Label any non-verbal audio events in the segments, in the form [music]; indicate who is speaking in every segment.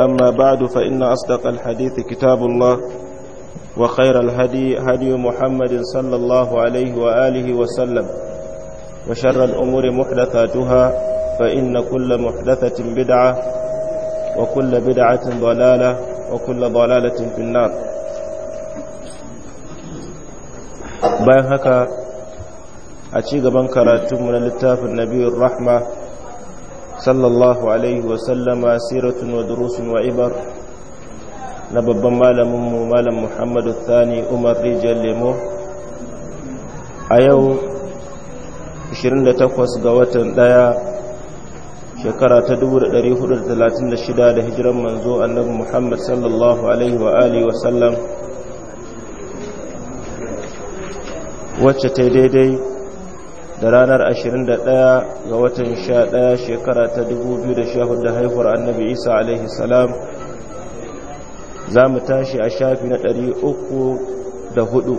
Speaker 1: أما بعد فإن أصدق الحديث كتاب الله وخير الهدي هدي محمد صلى الله عليه وآله وسلم وشر الأمور محدثاتها فإن كل محدثة بدعة وكل بدعة ضلالة وكل ضلالة في النار بيهكا هكا أتشيق بنكرة تمنى للتاف النبي الرحمة صلى الله عليه وسلم سيرة ودروس وعبر نبب مالم مالم محمد الثاني أمر رجال لمو أيو 28 ga watan ɗaya. shekara ta 436 da hijiran manzo annabi Muhammad sallallahu alaihi wa sallam wacce ta daidai da ranar 21 ga watan 11 shekara ta 2014 da haihuwar annabi isa alaihi salam za mu tashi a shafi na 304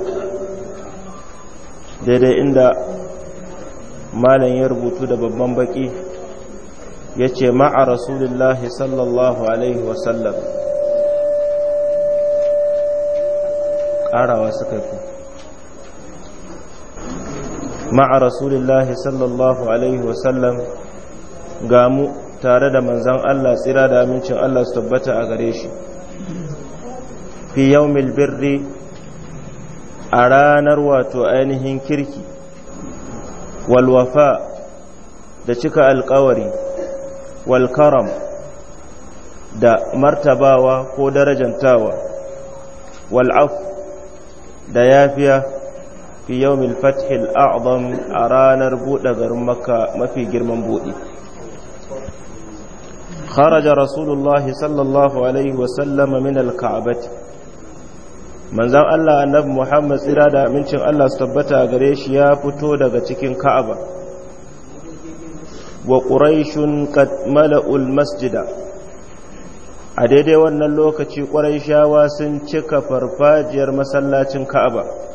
Speaker 1: daidai inda malam ya rubutu da babban baki ya ce ma'a rasulullahi sallallahu alaihi wasallam ƙarawa suka fi ma'a rasulillahi sallallahu alaihi wasallam ga mu tare da manzan Allah tsira da amincin Allah su tabbata a gare shi fi yaumil birri a ranar wato ainihin kirki walwafa da cika alkawari walkaram da martabawa ko darajantawa wal'af da yafiya fi yawmin fathil a'azam a ranar buɗe garin maka mafi girman buɗi kharaja rasulullah sallallahu alaihi wasallam min alka'bah manzon Allah annabi Muhammad tsira da amincin Allah su tabbata gare shi ya fito daga cikin Ka'aba wa quraishun qad mala'u almasjida a daidai wannan lokaci quraishawa sun cika farfajiyar masallacin Ka'aba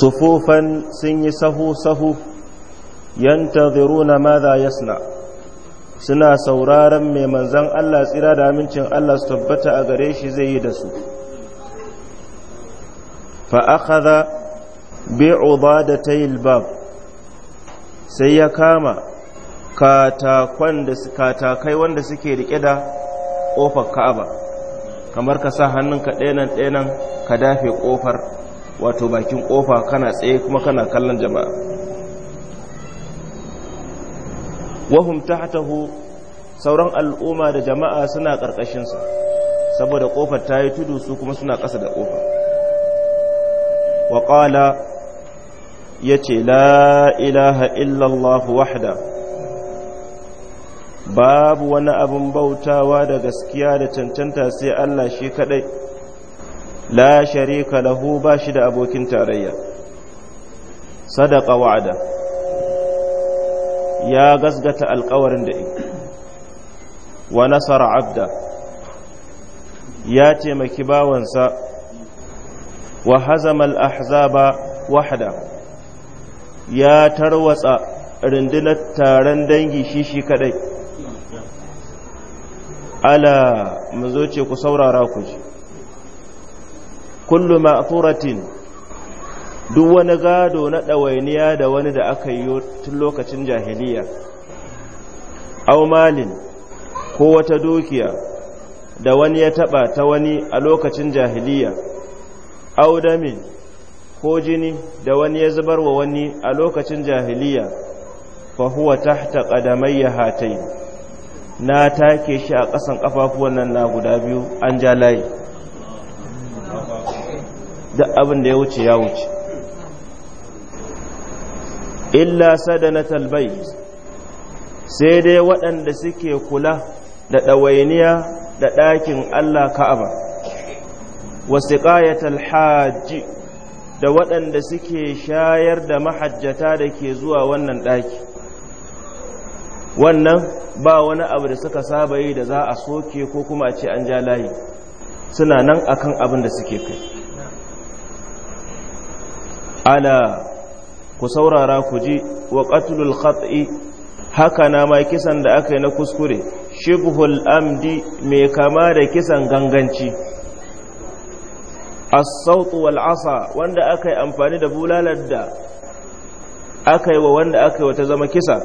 Speaker 1: sufufan sun yi sahu-sahu yantaziruna maza yasna suna sauraron mai manzan Allah tsira da amincin Allah su tabbata a gare shi zai yi da su fa da bi'udadatayil bab sai ya kama katakai wanda suke rike da kofar Ka'aba kamar ka sa hannunka ɗaya ka dafe kofar wato bakin kofa kana tsaye kuma kana kallon jama'a wahum tahtahu sauran al'umma da jama'a suna karkashin sa saboda kofar ta yi tudu su kuma suna ƙasa da kofa. waƙala ya ce la ilaha illallah wahda babu wani abin bautawa da gaskiya da cancanta sai allah shi kadai la kalahu lahu ba shi da abokin tarayya sadaka wa'ada ya gasgata alkawarin da wa nasara abda ya taimaki bawansa wa hazamal ahzaba wahda ya tarwatsa rundunar taron dangi shishi kaɗai. kadai ala mu ce ku saurara ku ji kullu ma'thuratin duk wani gado na ɗawainiya da wani da aka yi tun lokacin jahiliya Aumalin ko wata dukiya da wani ya taɓa ta wani a lokacin jahiliya aw ko jini da wani ya zubar wa wani a lokacin jahiliya fa huwa tahta qadamayya hatayn na take shi a ƙasan ƙafafuwan nan na guda biyu an ja layi duk abin da ya wuce ya wuce illa sadanatal bayt sai dai waɗanda suke kula da ɗawainiya da ɗakin Allah Ka'aba wasiqayatal hajji da waɗanda suke shayar da mahajjata da ke zuwa wannan ɗaki wannan ba wani abu da suka saba yi da za a soke ko kuma a ce an ja layi suna nan akan abin da suke kai ala ku saurara ku ji wa qatlul khati haka na ma kisan da aka yi na kuskure shibhul amdi mai kama da kisan ganganci as-sautu wal asa wanda aka yi amfani da bulalar da aka yi wa wanda aka yi ta zama kisa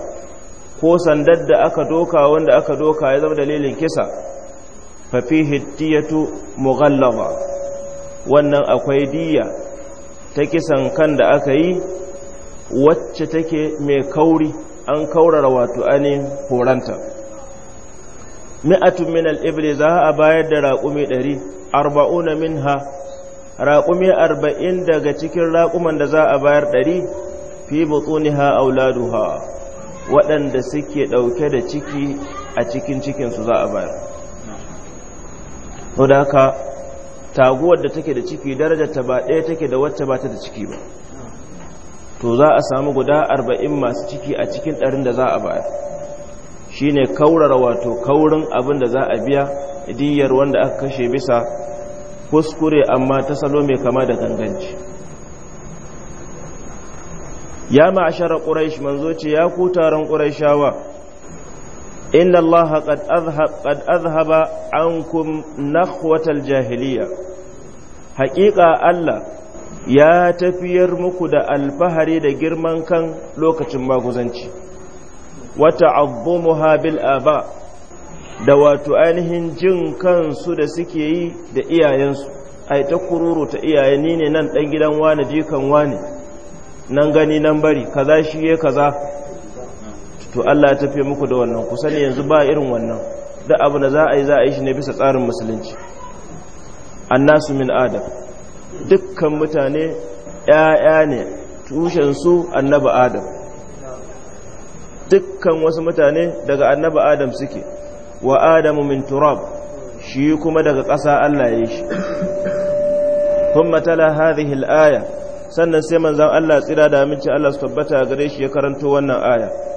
Speaker 1: ko sandar da aka doka wanda aka doka ya zama dalilin kisa fa fihi diyatu mughallaba wannan akwai diyya. ta kisan kan da aka yi wacce take mai kauri an kaurara wato ainihin horanta mi'atun min al'ibri za a bayar da raƙumi ɗari arba'una min ha raƙumi arba'in daga cikin raƙuman da za a bayar ɗari fi ha auladu ha waɗanda suke ɗauke da ciki a cikin cikinsu za a bayar. taguwar da take da ciki darajar ta ba ɗaya take da wacce ba ta da ciki ba to za a samu guda arba'in masu ciki a cikin ɗarin da za a bayar shi ne kaurara wato kaurin abin da za a biya diyar wanda aka kashe bisa kuskure amma ta salo mai kama da ganganci ya ma'ashara ƙuraish manzo ce ya ku taron ƙuraishawa إن الله قد أذهب, قد أذهب عنكم نخوة الجاهلية حقيقة الله ya tafiyar muku da alfahari da girman kan lokacin maguzanci wata abubuwa bil aba da wato ainihin jin kansu da suke yi da iyayensu ai ta kururu ta iyayen ne nan dan gidan wane jikan wane nan gani nan bari kaza shi ye kaza to Allah ya tafiye muku da wannan ku sani yanzu ba irin wannan da abu da za a yi za a yi shi ne bisa tsarin musulunci annasu min adam dukkan mutane ‘ya'ya ne tushensu annaba adam dukkan wasu mutane daga annaba adam suke wa adamu min turab shi kuma daga ƙasa Allah ya yi shi kuma tala hadhihi al-aya sannan sai manzon Allah tsira da aminci Allah su tabbata gare shi ya karanto wannan aya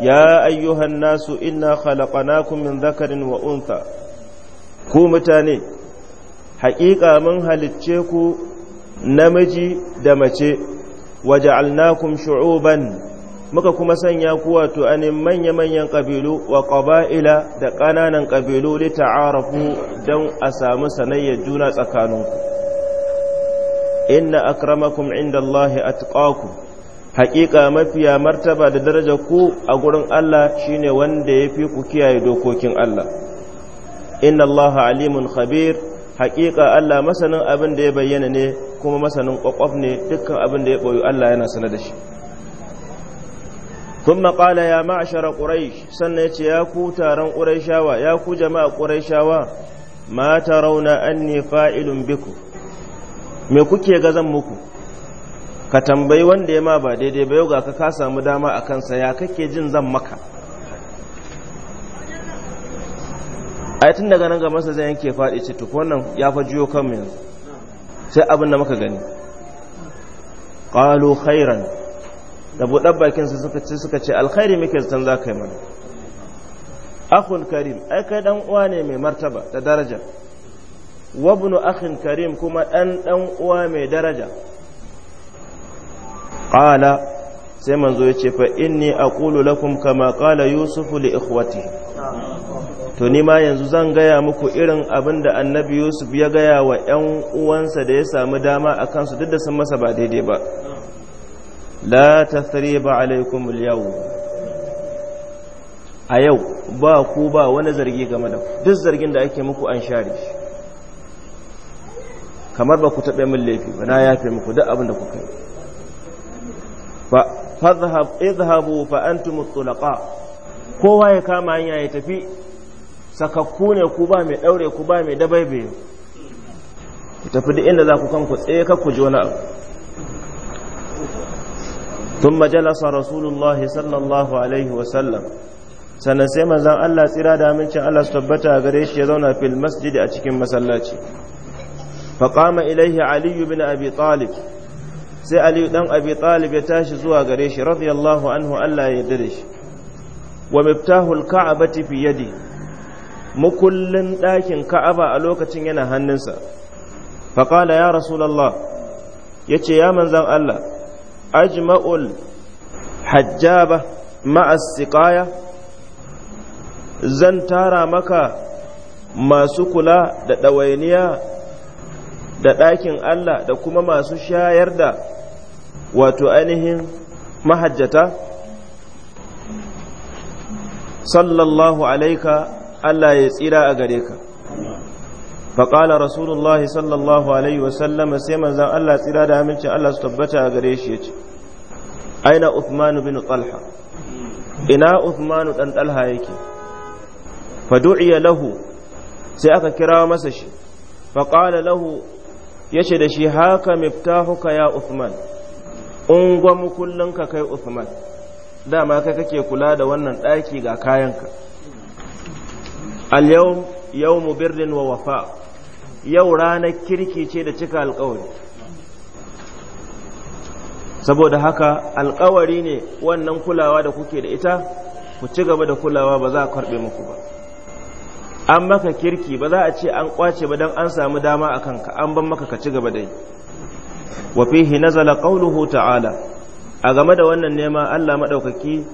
Speaker 1: ya ayyuhan nasu inna khalaqnakum min dhakarin wa untha ku mutane haƙiƙa mun halicce ku namiji da mace waja'alnakum shu'uban muka kuma sanya ku wato anin manya-manyan ƙabilu wa ƙaba'ila da ƙananan ƙabilu lita'arafu don a samu sanayyar juna tsakaninku inna akramakum inda Allah atqakum haƙiƙa mafiya martaba da daraja ku a gurin Allah shine wanda ya fi ku kiyaye dokokin Allah inna Allah alimun khabir haƙiƙa Allah masanin abin da ya bayyana ne kuma masanin ƙwaƙwaf ne dukkan abin da ya ɓoyi Allah yana sana da shi kuma kala ya ma'ashara قريش sannan yace ya ku taron quraishawa ya ku jama'a quraishawa ma tarawna anni fa'ilun biku me kuke ga zan muku ka tambayi wanda ya ma ba daidai ba yau ga ka samu dama a kansa ya kake jin zan maka yi tun daga nan ga masa zai yanke faɗi ce tuk wannan ya fa jiyo kanmu yanzu sai abin da muka gani qalu khairan da buɗar bakin su suka ce suka ce alkhairi muke zaton za ka yi mana akhun karim ai kai dan uwa ne mai martaba da daraja wabnu akhin karim kuma dan dan uwa mai daraja qala sai manzo ya ce fa inni aqulu lakum kama qala yusufu li ikhwati to ni ma yanzu zan gaya muku irin abin da annabi yusuf ya gaya wa 'yan uwansa da ya samu dama a kansu duk da sun masa ba daidai ba la ba alaikum al a yau ba ku ba wani zargi game da duk zargin da ake muku an share shi kamar ba ku taɓa min laifi ba na yafe muku duk abin da kuka yi idhabu fa antum tulaqa kowa ya kama hanya ya tafi sakakku ne ku ba mai daure ku ba mai dabaibe ku tafi duk inda za ku kanku tsaye ka ku ji wani abu ثم جلس رسول sallallahu alaihi wa sallam وسلم sannan sai manzan Allah tsira da amincin Allah su tabbata gare shi ya zauna fil masjid a cikin masallaci faqama ilaihi ali ibn abi talib sai ali dan abi talib ya tashi zuwa gare shi radiyallahu anhu Allah ya yarda da shi wa miftahul ka'abati fi yadi mukullin ɗakin ka'aba a lokacin yana hannunsa faƙala ya rasulallah yace ya manzan Allah ajma'ul hajjaba ma'as siƙaya zan tara maka masu kula da ɗawainiya da ɗakin Allah da kuma masu shayar da wato ainihin mahajjata sallallahu alaika Allah ya tsira a gare ka faƙala rasulullahi sallallahu alaihi wasallama sai manzan Allah tsira da amincin Allah su tabbata a gare shi ya ce aina Uthmanu bin Talha ina Uthmanu ɗan Talha yake fadu'iya lahu sai aka kira masa shi faƙala lahu ya ce da shi haka miftahuka ya Uthman ungwamu kullum ka kai Usman, dama kai kake kula da wannan ɗaki ga kayanka al-yawm yawm birrin wa wafa yau ranar kirki ce da cika alƙawari saboda haka alƙawari ne wannan kulawa da kuke da ita ku ci gaba da kulawa ba za a karɓe muku ba an maka kirki ba za a ce an kwace ba don an samu dama a kanka an ban maka ka ci gaba da yi wa fihi nazala qawluhu ta'ala a game da wannan nema Allah madaukaki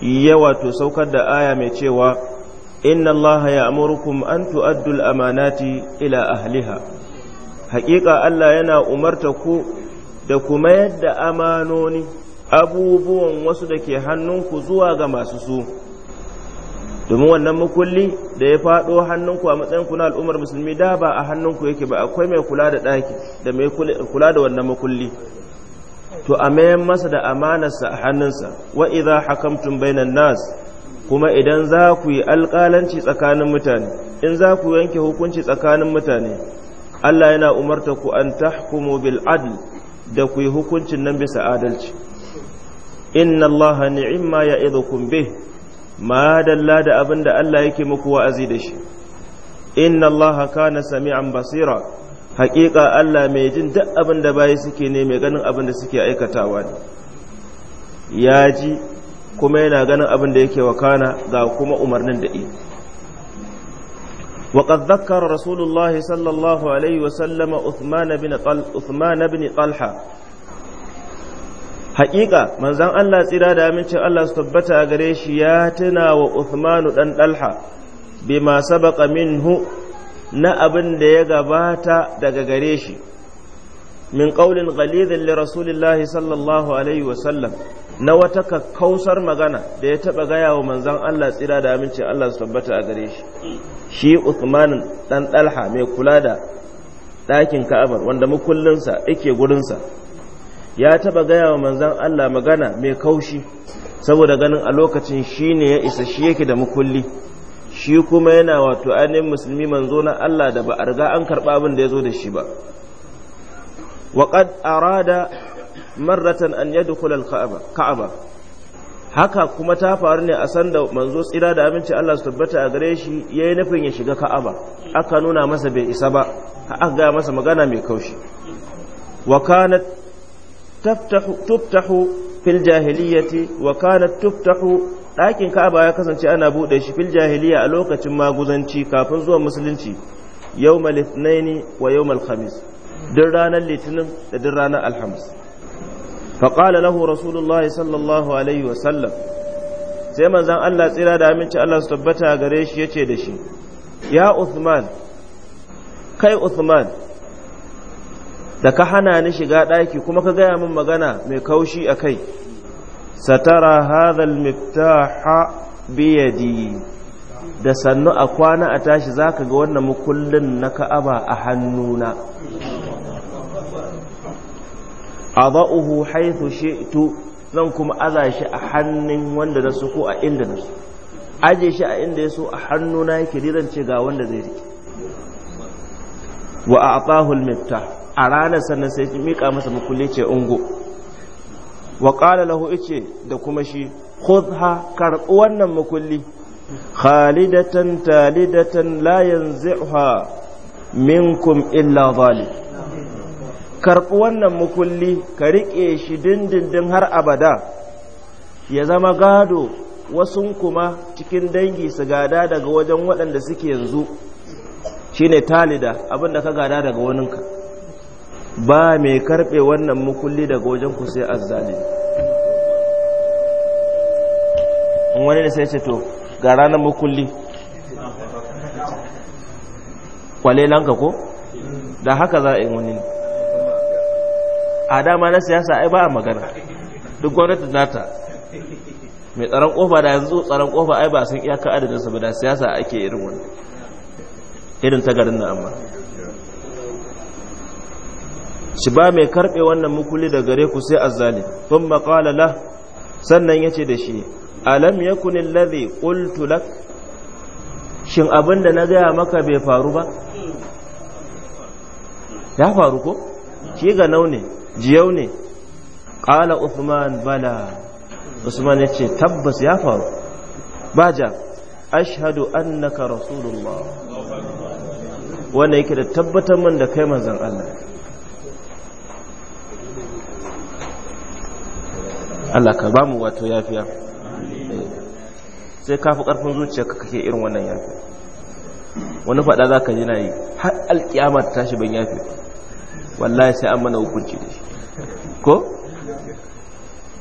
Speaker 1: ya wato saukar da aya mai cewa inna Allah ya'murukum an tu'addu al-amanati ila ahliha haƙiƙa Allah yana umarta ku da kuma yadda amanoni abubuwan wasu da ke hannunku zuwa ga masu su domin wannan makulli da ya faɗo hannunku a matsayin kuna al'ummar musulmi da ba a hannunku yake ba akwai mai kula da ɗaki da mai kula da wannan makulli to a mayan masa da amanarsa a hannunsa wa idza hakamtum bainan nas kuma idan za ku yi alƙalanci tsakanin mutane in za ku yanke hukunci tsakanin mutane Allah yana umarta ku an tahkumu bil adl da ku yi hukuncin nan bisa adalci inna Allah ya ya'idukum bih ma dalla da abin da Allah yake muku wa'azi da shi inna Allah kana sami'an basira haƙiƙa Allah mai jin duk abin da bayi suke ne mai ganin abin da suke aikatawa ne ya ji kuma yana ganin abin da yake wakana ga kuma umarnin da iya وقد ذكر رسول الله صلى الله عليه وسلم عثمان بن haƙiƙa manzan Allah tsira da amincin Allah su tabbata a gare shi ya tuna wa Uthmanu ɗan ɗalha bima sabaqa minhu na abin da ya gabata daga gare shi min ƙaunin ghalidhin li rasulillahi sallallahu alaihi wasallam na wata kakkausar magana da ya taɓa gaya wa manzan Allah tsira da amincin Allah su tabbata a gare shi shi Uthmanin ɗan ɗalha mai kula da ɗakin Ka'abar wanda mukullinsa yake gurinsa ya taba gaya wa manzan Allah magana mai kaushi saboda ganin a lokacin shi ne ya isa shi yake da mukulli shi kuma yana wato ainihin musulmi manzo na Allah da ba a riga an karɓa abin da ya zo da shi ba waƙad arada marratan an yadda kula kaaba haka kuma ta faru ne a sanda manzo tsira da aminci Allah su tabbata a gare shi ya yi nufin ya shiga Ka'aba aka nuna masa bai isa ba a gaya masa magana mai kaushi wa kanat تفتح fil في الجاهلية وكانت تفتح ɗakin ka'aba ya kasance ana buɗe shi fil jahiliya a lokacin maguzanci kafin zuwa musulunci yawmal ithnaini wa yawmal khamis duk ranar litinin da duk ranar alhamis fa qala lahu sallallahu alaihi wa sallam sai manzon Allah tsira da aminci Allah su tabbata gare shi yace da shi ya Uthman kai Uthman da ka hana ni shiga ɗaki kuma ka gaya min magana mai kaushi a kai satara hadhal miftaha biyadi da sannu a kwana a tashi zaka ga wannan mukullin na ka'aba a hannuna adha'uhu haythu shi'tu zan kuma aza a hannun wanda na su ko a inda na su aje shi a inda ya so a hannuna yake zan ce ga wanda zai riƙe. wa a'tahu al-miftah a ranar sannan sai ki mika masa makulle ce ungo wa qala lahu ice da kuma shi khudha karɓi wannan makulli khalidatan talidatan la yanzi'ha minkum illa zalim karɓi wannan makulli ka riƙe shi dindindin har abada ya zama gado wasu kuma cikin dangi su gada daga wajen waɗanda suke yanzu shine talida abinda ka gada daga waninka ba mai karɓe wannan mukulli daga wajen ku sai azzalimi wani ne sai ce to ga ranar mukulli kwalelanka ko da haka za a yi wani a dama na siyasa ai ba a magana duk gwamnati nata mai tsaron kofa da yanzu tsaron kofa ai ba sun iyaka adadinsa ba da siyasa ake irin wani irin ta garin na amma shi ba mai karɓe wannan mukuli da gare ku sai azzali tun maƙala la sannan ya ce da shi alam ya kunin lazi kulTulak? shin abin da na gaya maka bai faru ba ya faru ko shi ga naune jiyau ne ƙala usman bala usman ya ce tabbas ya faru baja ashhadu annaka rasulullah wannan yake da tabbatar man da kai manzan Allah Allah ka ba mu wato yafiya sai ka fi ƙarfin zuciyarka kake irin wannan yafi wani faɗa za ka jina na yi har alƙiyama ta tashi ban yafi wallahi sai an mana hukunci da shi ko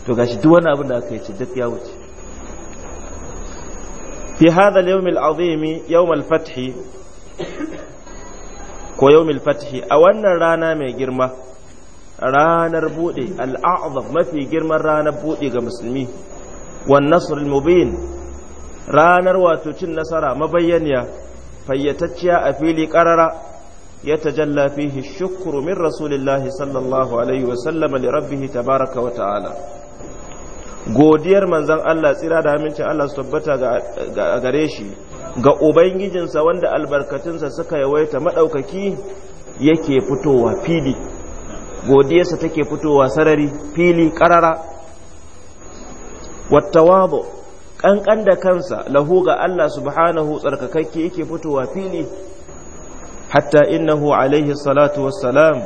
Speaker 1: to gashi shi duwana abin da aka yi ce duk ya wuce fi hada yawmil yawm al azim ko yawmil al a wannan rana mai girma ranar bude al'azab mafi girman ranar buɗe ga musulmi wannan mubin ranar wato cin nasara mabayyaniya fayyatacciya a fili karara ya tajalla fihi shukuru min rasulillahi sallallahu alaihi wa li rabbih tabaraka wa ta'ala godiyar manzan Allah tsira da amince Allah su tabbata ga gare shi ga ubangijinsa wanda albarkatunsa suka yawaita madaukaki yake fitowa fili godiyarsa take fitowa sarari fili karara wattawadu kankan da kansa lahu ga Allah subhanahu tsarkakakke yake fitowa fili hatta innahu alaihi salatu wassalam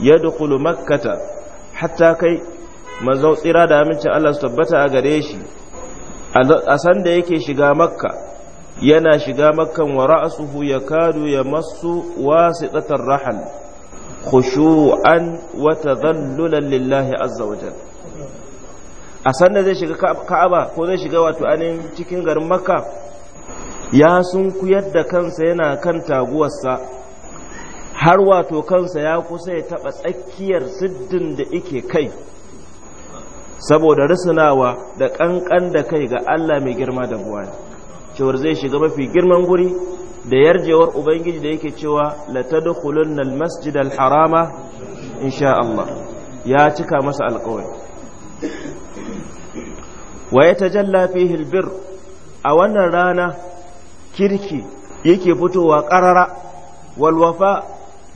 Speaker 1: yadkhulu makkata hatta kai manzon tsira da amincin Allah su tabbata a gare shi a san da yake shiga makka yana shiga makkan wa ra'suhu yakadu yamassu wasitatar rahal khushu'an wa tadhallulan lillahi azza wa jalla a sanda zai shiga ka'aba ko zai shiga wato anin cikin garin makka ya sunkuyar da kansa yana kan taguwarsa har wato kansa ya kusa ya taɓa tsakiyar siddin da ike kai saboda risinawa da ƙanƙan da kai ga Allah mai girma da ne. cewar zai shiga mafi girman guri da yarjewar ubangiji da yake cewa la latadkhulunna almasjid alharama insha Allah ya cika masa alƙawari wa yatajalla fihi albir a wannan rana kirki yake fitowa qarara wal wafa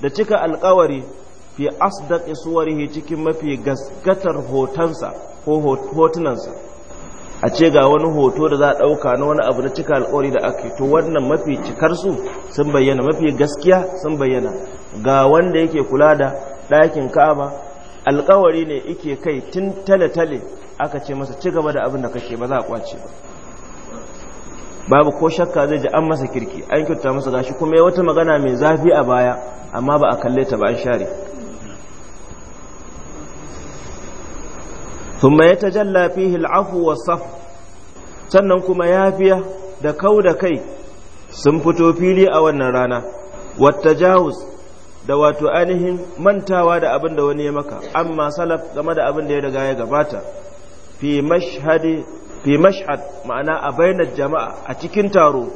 Speaker 1: da cika alƙawari fi asdaqi suwarihi cikin mafi gaskatar hotansa ko hotunansa a ce ga wani hoto da za a ɗauka na wani abu na cika alkawari da aka to wannan mafi cikarsu sun bayyana mafi gaskiya sun bayyana ga wanda yake kula da ɗakin ka'aba alkawari ne yake kai tun tale-tale aka ce masa ci gaba da abin da kake ba za a kwace ba babu ko shakka zai ji an masa kirki an kyauta masa gashi kuma ya wata magana mai zafi a baya amma ba a kalle ta ba an share ثم يتجلى فيه العفو والصف sannan kuma yafiya da kau da kai sun fito fili a wannan rana wata jawus da wato ainihin mantawa da abin da wani ya maka amma salaf game da abin da ya riga ya gabata fi mashad fi ma'ana a bainar jama'a a cikin taro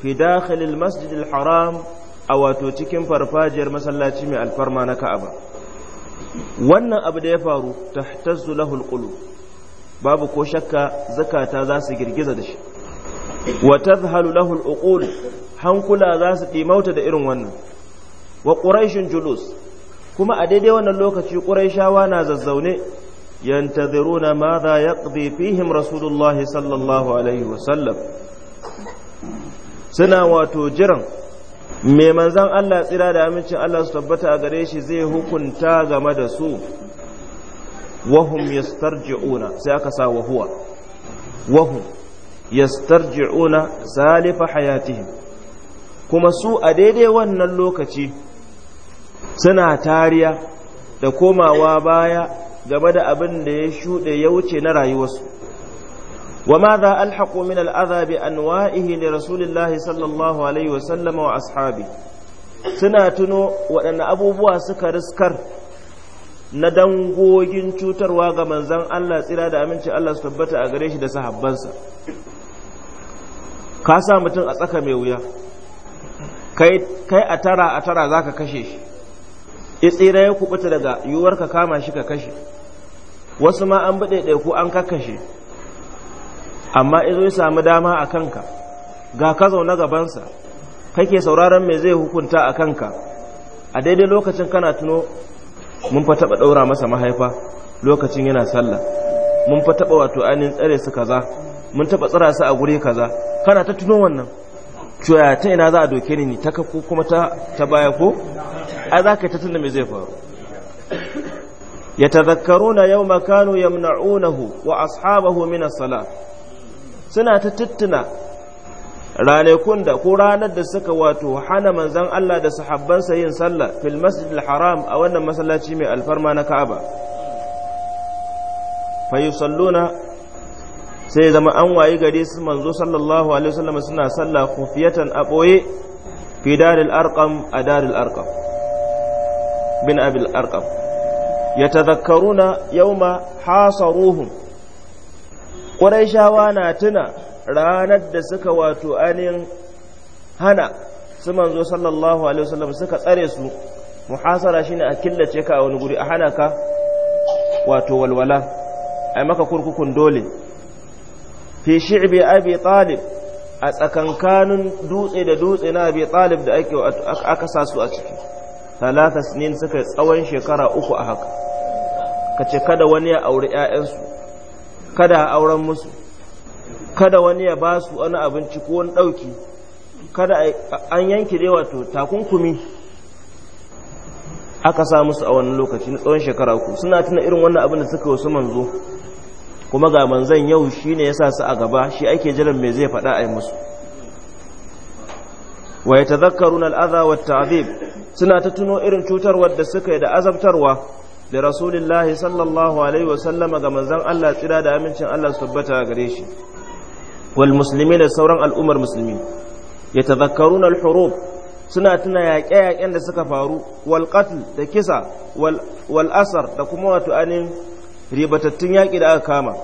Speaker 1: fi dakhilil masjidil haram a wato cikin farfajiyar masallaci mai alfarma na ka'aba wannan abu da ya faru tahtazzu lahul qulub babu ko shakka zakata za su girgiza da shi wa tadhhalu lahul uqul hankula za su dimauta da irin wannan wa quraishun julus kuma a daidai wannan lokaci quraishawa na zazzaune yantaziruna ma za yaqdi fihim rasulullahi sallallahu alaihi wa sallam suna wato jiran mai manzan Allah tsira da amincin Allah su tabbata a gare shi zai hukunta game da su wahum yastarji'una sai aka sa wahuwa wahum yastarji'una salifa hayatihim kuma su a daidai wannan lokaci suna tariya da komawa baya game da abin da ya shuɗe ya wuce na rayuwarsu وماذا ألحق من الأذى بأنوائه لرسول الله صلى الله wa وسلم ashabi. suna tuno waɗanne abubuwa suka riskar na dangogin cutarwa ga manzan Allah tsira da aminci Allah su tabbata a gare shi da sahabbansa ka sa mutum a tsaka mai wuya kai a tara a tara za ka kashe shi ya tsira ya kubuta daga yiwuwar ka kama shi ka kashe wasu ma an buɗe ku an kakashe amma izo ya samu dama a kanka ga ka zaune gabansa kake sauraron me zai hukunta a kanka a daidai lokacin kana tuno mun fa taɓa ɗaura masa mahaifa lokacin yana sallah mun fa taɓa wato ainihin tsare su kaza mun taɓa tsara su a guri kaza kana ta tuno wannan cewa ta ina za a doke ni ta ko kuma ta baya ko a za ka yi ta tunda me zai faru ya tazakkaruna yau makanu yamna'unahu wa ashabahu min as suna ta tuttuna ranakun da ko ranar da suka wato hana manzan Allah da sahabbansa yin sallah fil masjidil haram a wannan masallaci mai alfarma na Ka'aba fa yusalluna sai zama an wayi gare su manzo sallallahu alaihi wasallam suna sallah khufiyatan a boye fi daril arqam a daril arqam bin abil arqam yatadhakkaruna yawma hasaruhum ƙwarai na tuna ranar da suka wato anin hana su manzo sallallahu alaihi wasallam suka tsare su muhasara shine a killace ka a wani guri a hana ka wato walwala a maka kurkukun dole fi shi'bi abi talib a tsakankanin dutse da dutse na abi talib da ake aka sa su a ciki talata sinin suka tsawon shekara uku a haka kace kada wani ya aure 'ya'yansu kada a auren musu kada wani ya ba su wani abinci ko wani ɗauki kada an yanki dai wato takunkumi aka sa musu a wani lokaci na tsawon shekara ku suna tuna irin wannan abin da suka wasu manzo kuma ga manzan yau shi ne ya sa su a gaba shi ake jiran mai zai faɗa a yi musu wa ya tazakkarun al'aza wa ta'azib suna ta tuno irin cutarwar da suka yi da azabtarwa da rasulullahi sallallahu alaihi wasallama ga manzan Allah tsira da amincin Allah su tabbata gare shi wal musulmi da sauran al'ummar musulmi ya tazakkaruna al-hurub suna tuna yaƙe-yaƙen da suka faru wal qatl da kisa wal asar da kuma wato anin ribatattun yaƙi da aka kama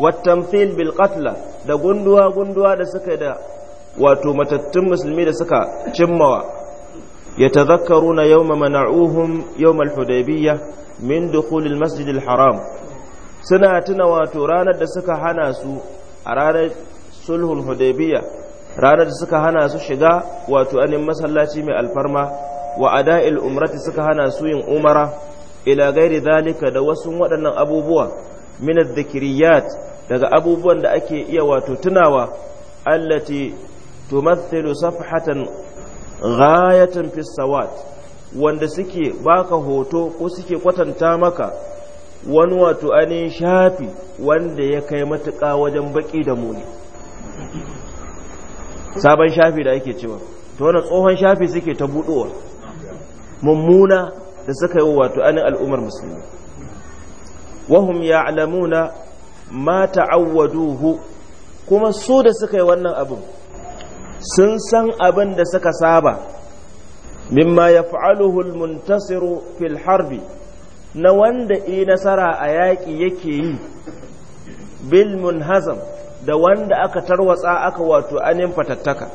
Speaker 1: wat tamthil bil qatla da gunduwa gunduwa da suka da wato matattun musulmi da suka cimmawa يتذكرون يوم منعوهم يوم الحديبية من دخول المسجد الحرام سنة تنوى رانا دسك حناسو رانا سلح الحديبية رانا دسك حناسو شقا واتوان مسلاتي من الفرما وأداء الأمرة سك حناسو ين أمرا إلى غير ذلك دوسهم أبو بوا من الذكريات daga abubuwan da ake iya wato tunawa allati tumathilu safhatan ghayatun fi wanda suke baka hoto ko suke kwatanta maka wani wato ainihin shafi wanda ya kai matuƙa wajen baki da muni sabon shafi da ake cewa ta wani tsohon shafi suke ta buɗowa mummuna da suka yi wato ainihin al'ummar musulmi wahum ya alamuna mata ta'awwaduhu kuma su da suka yi wannan abin sun san abin da suka saba mimma ya fa'aluhul muntasiru fil harbi na wanda i nasara a yaƙi yake yi bil munhazam da wanda aka tarwatsa aka wato anin fatattaka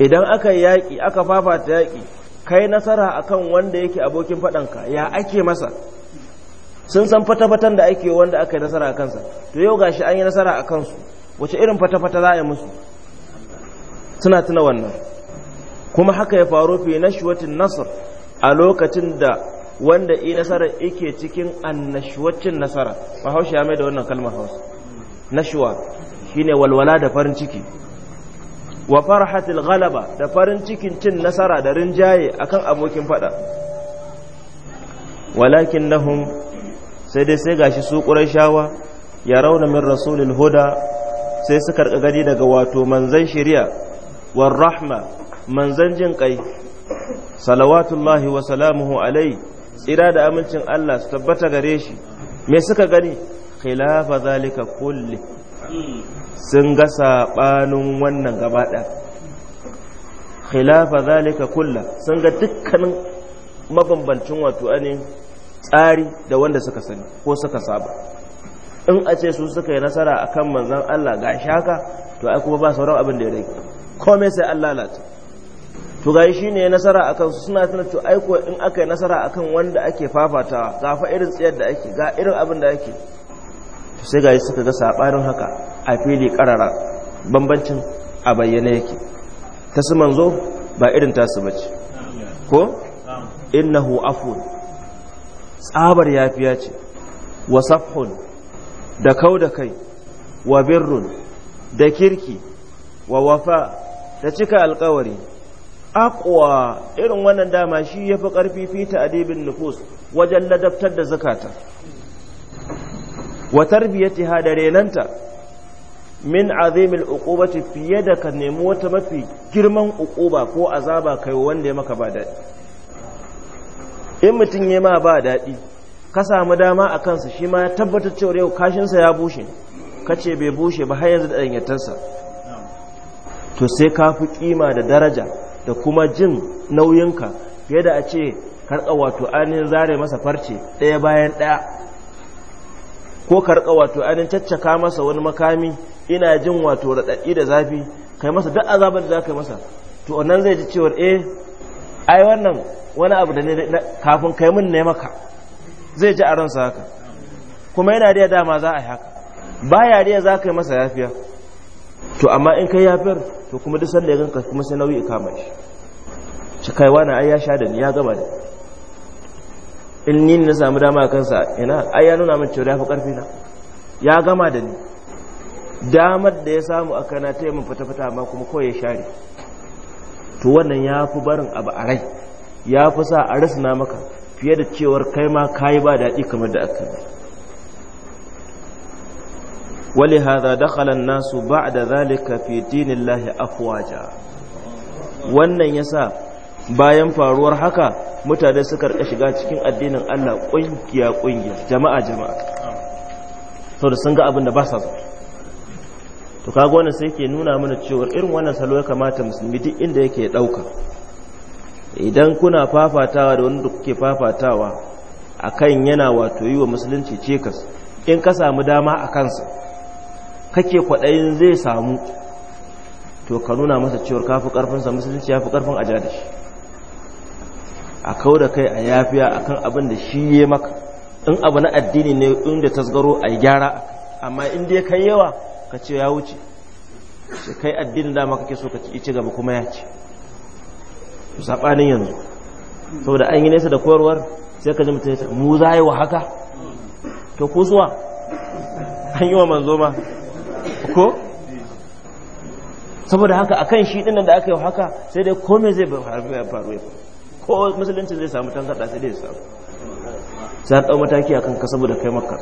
Speaker 1: idan aka yaƙi aka fafata yaƙi kai nasara akan wanda yake abokin faɗanka ya ake masa sun san fata-fatan da ake wanda aka yi nasara a kansa to yau gashi an yi nasara a kansu wace irin fata-fata za a yi musu suna tuna wannan kuma haka ya faru fi nashwatin nasar a lokacin da wanda yi nasara yake cikin annashwacin nasara ba haushe ya mai da wannan kalmar hausa nashwa shine walwala da farin ciki wa farhatil ghalaba da farin cikin cin nasara da rinjaye akan abokin fada walakin nahum sai dai sai gashi su qurayshawa ya rauna min rasulil huda sai suka karɓi gani daga wato manzan shirya war rahma manzan jin kai salawatullahi wa salamuhu alai tsira da amincin Allah su tabbata gare shi me suka gani khilafa zalika kulli sun ga sabanin wannan gabaɗa khilafa zalika kulla sun ga dukkanin mabambancin wato anin tsari da wanda suka sani ko suka saba in a ce su suka yi nasara a kan manzan Allah ga shaka haka to ai kuma ba sauran abin da ya rage kome sai Allah lati to ga shi ne nasara a kansu suna tana to ai kuwa in aka yi nasara a kan wanda ake fafatawa ga fa irin tsayar da ake ga irin abin da ake to sai ga suka ga barin haka a fili karara bambancin a bayyana yake ta su manzo ba irin tasu bace ko innahu afun tsabar yafiya ce wasafhun da kau da kai wa birrun da kirki wa wafa da cika alkawari akwa irin wannan dama shi ya fi ƙarfi fi ta'adibin nufus wajen ladabtar da zakata wa tarbiyyatiha da renanta min azimil uqubati fiye da ka nemi wata mafi girman uquba ko azaba kai wanda ya maka ba daɗi in mutum ya ma ba daɗi ka samu dama a kansa shi ma ya tabbatar cewar yau kashinsa ya bushe ka ce bai bushe ba har yanzu da ɗanyatarsa to sai ka fi kima da daraja da kuma jin nauyinka fiye da a ce karɓa wato ainihin zare masa farce ɗaya bayan ɗaya ko karɓa wato ainihin caccaka masa wani makami ina jin wato raɗaɗi da zafi kai masa duk azabar da za ka yi masa to wannan zai ji cewar eh ai wannan wani abu da ne kafin kai mun ne maka zai ji a ransa haka kuma yana da dama za a yi haka ya riya za ka yi masa yafiya to amma in kai yafiyar to kuma duk sanda ya ganka kuma sai nauyi kama shi shi kai wani ai ya sha da ni ya gama da in ni na samu dama kansa ina ai ya nuna min cewa ya fi karfi na ya gama da ni damar da ya samu a kana ta yi min fata-fata amma kuma ko ya share to wannan ya fi barin abu a rai ya fi sa a na maka fiye da cewar kai ma kayi ba daɗi kamar da aka yi wali haza dakhala nasu da zalika fi lahi afwaja wannan ya sa bayan faruwar haka mutane suka rika shiga cikin addinin Allah ƙungiya ƙungiya jama'a jama'a sau da sun ga abin da ba sa so to kaga wannan sai ke nuna mana cewar irin wannan salo ya kamata musulmi duk inda yake ɗauka. idan kuna fafatawa da wanda kuke fafatawa akan yana wato yi wa musulunci cekas in ka samu dama a kansa kake kwaɗayin zai samu to ka nuna masa cewar ka fi ƙarfinsa musulunci ya fi ƙarfin a da shi a kau da kai a yafiya a kan abin da shi ya maka in abu na addini ne inda tasgaro a gyara amma in dai kai yawa ka ce ya wuce kai addinin dama kake so ka ci gaba kuma ya ce to sabanin yanzu saboda an yi nesa da koyarwar sai ka ji ya mu za yi wa haka to ko zuwa an yi wa manzo ma ko saboda haka a kan shi dinnan da aka yi wa haka sai dai komai zai faru ya ko musulunci zai samu tangarda sai dai samu sai ɗau mataki akan ka saboda kai maka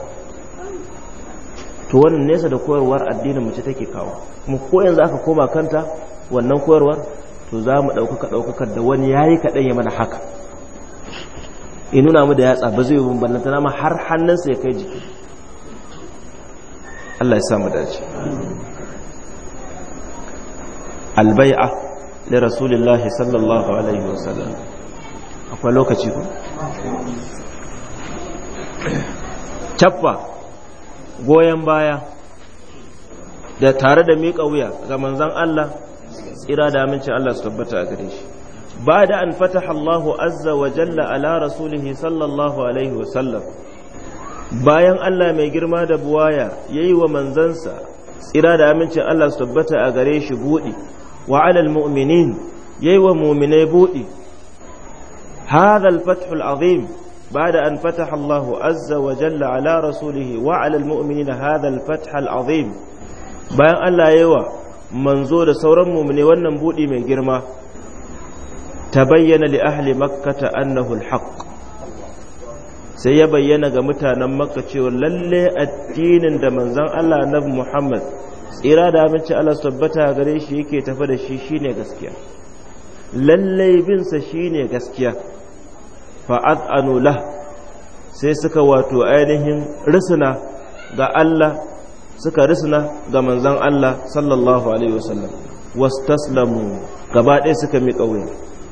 Speaker 1: to wannan nesa da koyarwar addinin mace take kawo kuma ko yanzu aka koma kanta wannan koyarwar to za mu ɗaukaka ɗaukakar da wani ya yi kaɗan ya mana haka in nuna mu da yatsa ba zai yi bambanta, ta nama har hannunsa ya kai jiki Allah ya samu dace albai'a da rasulullahi sallallahu alaihi wasallam akwai lokaci ku cappa goyon baya da tare da miƙa wuya ga manzan Allah tsira da amincin Allah su tabbata a gare shi ba da an fataha Allah azza wa jalla ala rasulihi sallallahu alaihi bayan Allah mai girma da buwaya yayi wa manzansa tsira da aminci Allah su tabbata a gare shi buɗi wa alal mu'minin yayi wa mu'minai buɗi hadha al-fath azim بعد أن فتح الله عز وجل على رسوله وعلى المؤمنين هذا الفتح العظيم بيان الله يوى manzo da sauran ne wannan buɗi mai girma ta bayyana li ahli makkata annahu alhaq sai ya bayyana ga mutanen makka cewa lalle addinin da manzon Allah annabi Muhammad tsira da amince Allah tabbata gare shi yake tafi da shi shine gaskiya lalle bin sa shine gaskiya fa ad'anu lah sai suka wato ainihin risna ga Allah suka risna ga manzon Allah sallallahu alaihi wasallam wastaslamu gaba ɗaya suka miƙa wuya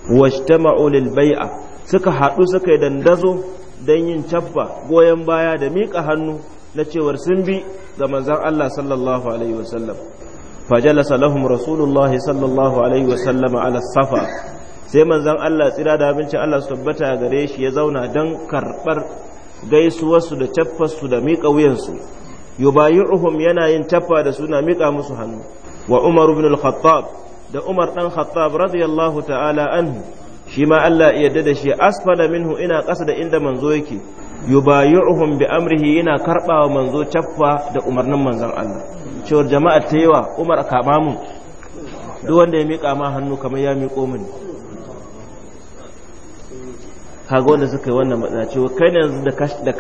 Speaker 1: wajtama'u lil bai'a suka haɗu suka yi dandazo don yin cabba goyon baya da miƙa hannu na cewar sun bi ga manzon Allah sallallahu alaihi wasallam fajalasa lahum rasulullah sallallahu alaihi wasallam ala safa sai manzon Allah tsira da abincin Allah su tabbata gare shi ya zauna don karɓar gaisuwarsu da caffarsu da miƙa wuyansu yubayi'uhum yana yin tafa da suna mika musu hannu wa Umar ibn al-Khattab da Umar dan Khattab radiyallahu ta'ala anhu shi ma Allah ya yarda da shi asfala minhu ina ƙasa da inda manzo yake yubayi'uhum bi amrihi yana karbawa manzo tafa da umarnin manzon Allah cewar jama'a ta yawa Umar kama mu duk wanda ya miƙa ma hannu kamar ya miƙo mini kaga wanda suka yi wannan matsaci kai ne yanzu da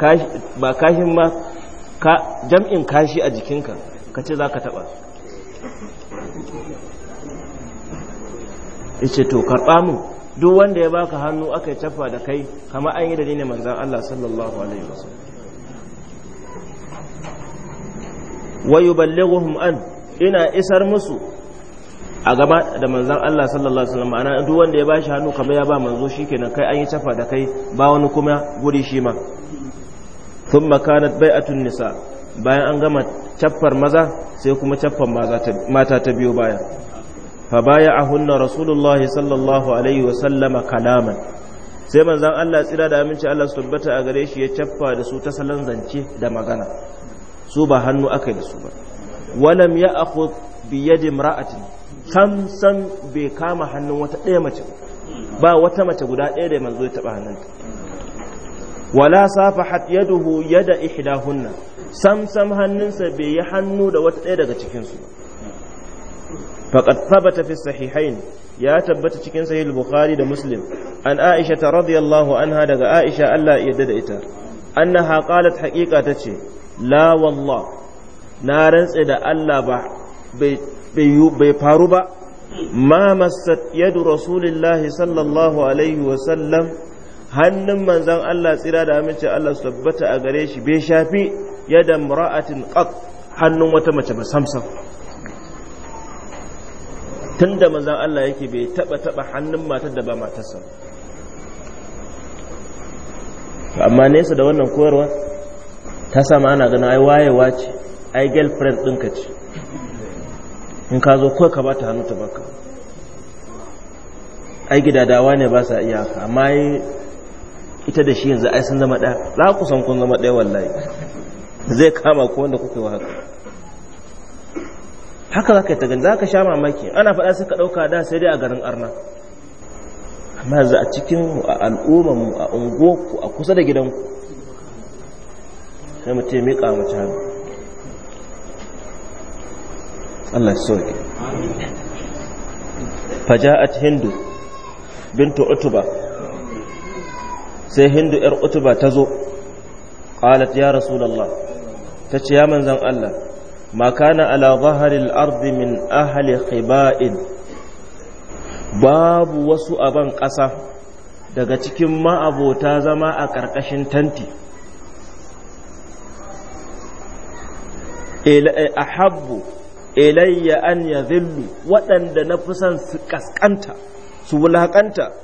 Speaker 1: ba kashin ba. ka jam'in kashi a jikinka ka ce za ka taɓa ce to karɓa mu duk wanda ya baka hannu aka yi tafa da kai kama an yi da ne manzan Allah sallallahu alaihi wasu. wa yuballighuhum an ina isar musu a gaba da manzan Allah sallallahu alaihi wasallam ana duk wanda ya bashi hannu kamar ya ba manzo shikenan kai an yi tafa da kai ba wani kuma guri shi ma thumma kanat bai'atun nisa bayan an gama caffar maza sai kuma caffar mata ta biyo baya fa baya'ahunna rasulullahi sallallahu alaihi wa sallama kalaman sai manzan Allah tsira da aminci Allah su tabbata a gare shi ya caffa da su ta salon zance da magana su ba hannu aka yi da su ba walam ya aku biyadi imra'atin kamsan bai kama hannun wata ɗaya mace ba wata mace guda ɗaya da manzo ya taɓa hannunta wala safahat yaduhu yada ihdahunna sam sam hannunsa bai yi hannu da wata ɗaya daga cikinsu.
Speaker 2: su
Speaker 1: faqad thabata fi sahihain ya tabbata cikin sahih bukhari da muslim an aisha ta radiyallahu anha daga aisha Allah ya yarda da ita annaha qalat haqiqa tace la wallah na rantse da Allah ba bai faru ba ma massat yadu rasulillahi sallallahu alaihi wa sallam hannun manzan Allah tsira da amince Allah su tabbata a gare shi bai shafi yadda mura'atin qat hannun wata mace ba samsam tunda manzan Allah yake bai taba taba hannun matar da ba matarsa amma nesa da wannan koyarwa ta sama ana ganin ai wayewa ce ai girlfriend ɗinka ce in ka zo kawai ka ba ta hannu ta baka ai gidadawa ne ba sa iyaka amma ita da shi yanzu ai sun zama ɗaya za ku san kun zama ɗaya wallahi zai kama ku wanda kuke wa haka haka za ka yi ta gani za ka sha mamaki ana faɗa sai ka ɗauka da sai dai a garin arna amma yanzu a cikin a mu a unguwarku a kusa da gidanku sai mutum ya miƙa mace hannu Allah soke faja'at hindu bintu utuba sai hindu ‘yar utuba ta zo ƙalat ya rasulallah ta ce ya manzan Allah makana ala zaharil ardi min ahli khiba'in babu wasu aban ƙasa daga cikin ma'abota zama a ƙarƙashin tanti eh, habbu ilayya an ya zillu waɗanda na fi son su ƙasƙanta su wulaƙanta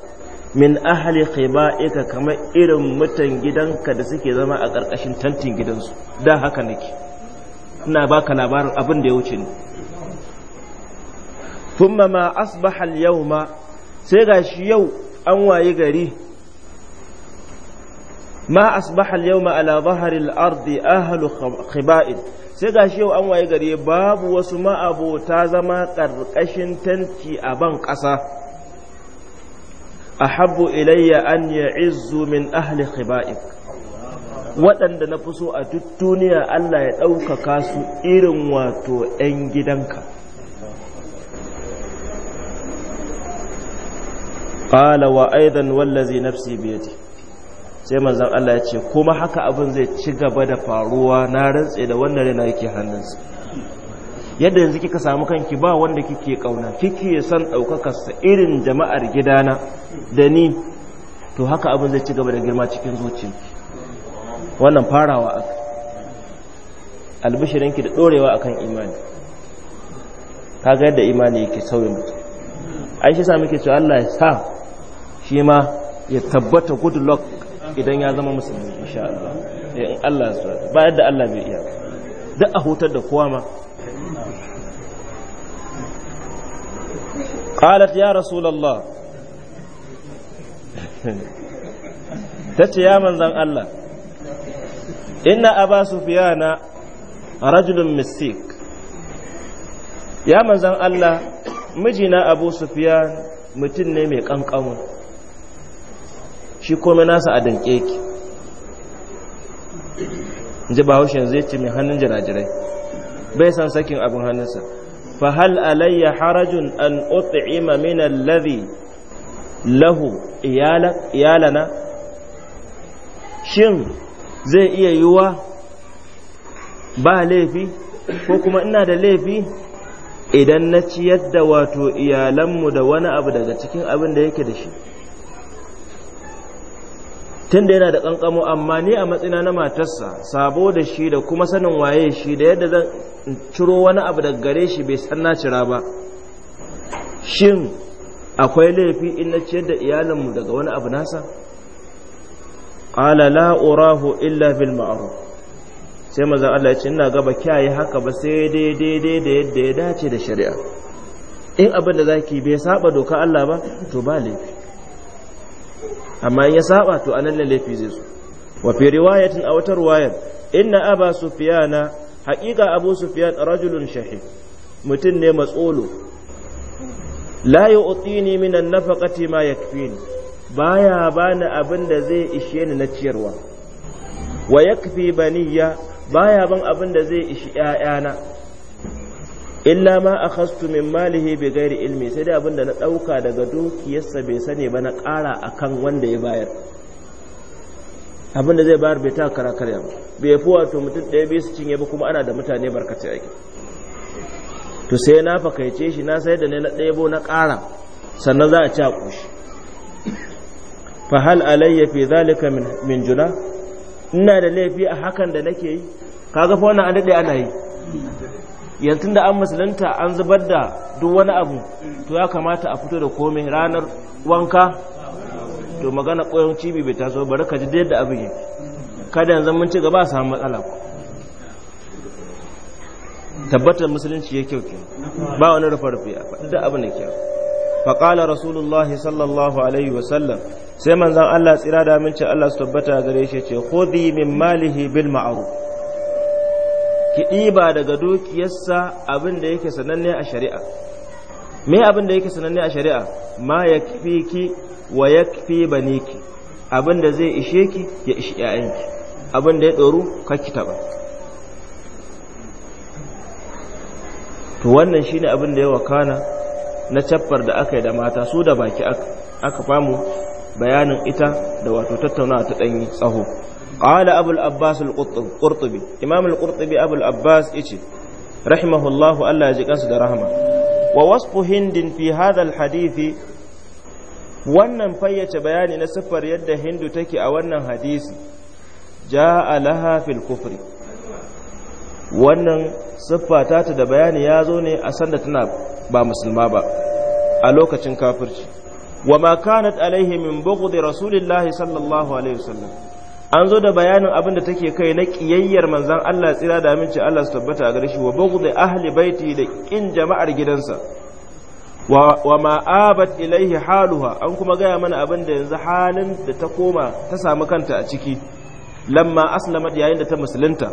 Speaker 1: min ahli khiba'ika kamar irin mutan gidanka da suke zama a ƙarƙashin tantin gidansu da haka nake ina baka labarin abin da ya wuce ni kuma ma asbaha al-yawma sai gashi yau an waye gari ma asbaha al-yawma ala dhahri al-ardi ahlu khiba'in sai gashi yau an wayi gari babu wasu ma'abota zama ƙarƙashin tanti a ban ƙasa ahabbu ilayya an ya'izzu min ahli khiba'ik waɗanda na fi so a duk duniya Allah ya ɗaukaka su irin wato 'yan gidanka ƙala wa aidan wallazi nafsi biyadi sai manzan Allah ya ce kuma haka abin zai ci gaba da faruwa na rantse da wannan rina yake hannunsa yadda yanzu kika samu kanki ba wanda kike kauna kike san daukakar sa irin jama'ar gidana da ni to haka abin zai ci gaba da girma cikin zuciyarki wannan farawa aka albishirinki da dorewa akan imani kaga yadda imani yake sauyin mutum ai shi sa muke cewa Allah ya sa shi ma ya tabbata good luck idan ya zama musulmi insha Allah eh, in Allah ya so ba yadda Allah bai iya duk a hutar da kowa ma qalat ya rasulullah tace ya manzan Allah inna aba sufyana rajulun misik ya manzan Allah mijina abu sufyan mutum ne mai kankamu shi komai nasa a danke ki ji bahaushe zai ce mai hannun jirajirai bai san sakin abin hannunsa fa hal alayya harajun an ut'ima min alladhi lahu iyalana shin zai iya yiwa ba laifi ko kuma ina da laifi idan na ciyar da wato iyalanmu da wani abu daga cikin abin da yake da shi Tun da yana da ƙanƙamo, amma ni a matsina na matarsa sabo da shi da kuma sanin waye shi da yadda zan ciro wani abu da gare shi bai san na cira ba shin akwai laifi in na ciyar da iyalinmu daga wani abu nasa ƙala la urahu illa bil ma'aru sai maza Allah ya ce ina gaba kyayi haka ba sai dai daidai da yadda ya dace da shari'a in abin da zaki bai saba doka Allah ba to ba laifi amma in ya saba to anan ne laifi zai so. wa fi riwayatin a wata riwayar inna aba sufyana haqiqa abu sufyan rajulun shahid mutun ne matsolo la yu'tini min an-nafaqati ma yakfini baya bani abin da zai ishe ni na ciyarwa wa yakfi baniya baya ban abin da zai ishi 'ya'yana illa ma akhastu min malihi bi gairi ilmi sai dai abinda na ɗauka daga dukiyarsa bai sani ba na ƙara akan wanda ya bayar abinda zai bayar bai ta kara karya ba bai fi wato mutum ɗaya bai su cinye ba kuma ana da mutane barkatai ke to sai na fakaice shi na sai da ne na ɗebo na ƙara sannan za a ci a ƙushi fa hal alayya fi zalika min juna ina da laifi a hakan da nake yi kaga fa wannan an daɗe ana yi yanzu da an musulunta an zubar da duk wani abu to ya kamata a fito da komai ranar wanka to magana koyon cibi bai taso bari ka ji da yadda abin kada yanzu mun ci gaba a samu matsala ku tabbatar musulunci ya kyau ba wani rufe rufe a faɗi da abin da kyau faƙala rasulullahi sallallahu alaihi wasallam sai manzan allah tsira da mince allah su tabbata gare shi ce khudhi min malihi bil ma'ruf ki ɗiba daga dukiyarsa abin da yake sananne a shari'a me abin da yake sananne a shari'a ma ya ki wa ya fi baniki abin da zai ishe ki ya ishi ‘ya'yanki abin da ya ɗoru ki taɓa to wannan shine abin da ya wakana na tabbar da aka yi da mata su da baki aka famu bayanin ita da wato tattaunawa ta ɗanyi tsaho qala abul abbas al-qurtubi imam al-qurtubi abul abbas yace rahimahullahu Allah ya ji kansu da rahama wa wasfu hindin fi hadha hadisi wannan fayyace bayani na siffar yadda hindu take a wannan hadisi ja laha fil kufri wannan siffa ta da bayani ya zo ne a sanda tana ba musulma ba a lokacin kafirci wa ma kanat alaihi min bughdi rasulillahi sallallahu alaihi wasallam an zo da bayanin abin da take kai na kiyayyar manzan Allah tsira da aminci Allah su tabbata a gare wa wa da ahli baiti da kin jama'ar gidansa wa ma'abat ilaihi haluha an kuma gaya mana abin da yanzu halin da ta koma ta samu kanta a ciki lamma aslamat yayin da ta musulunta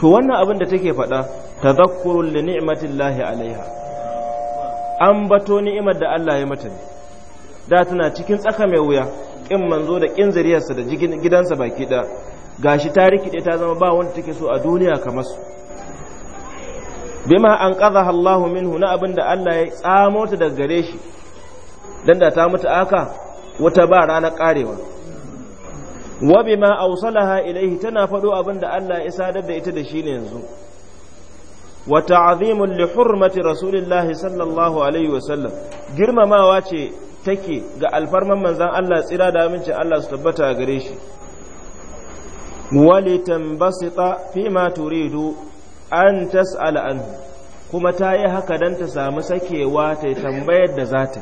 Speaker 1: to wannan abin da take faɗa tadhakkurul li ni'matillahi alaiha an bato ni'imar da Allah ya mata ne da tana cikin tsaka mai wuya Ƙin manzo da ƙin zariyarsa da gidansa baki da shi ta rikide ta zama ba wanda take so a duniya kamar su bima an hallahu min minhu na da Allah ya tsamo ta daga gare shi don da ta mutu aka wata ba ranar ƙarewa. wa bima ausalaha ilaihi tana faɗo abin da Allah ya sadar da ita da shi ne yanzu wa ta'zimun li hurmati rasulillahi sallallahu alaihi wa sallam girmamawa ce take ga alfarman manzan Allah tsira da amince Allah su tabbata gare shi walitan tambasita fi ma turidu an tas'ala an kuma ta yi haka don ta samu sakewa ta tambayar da za ta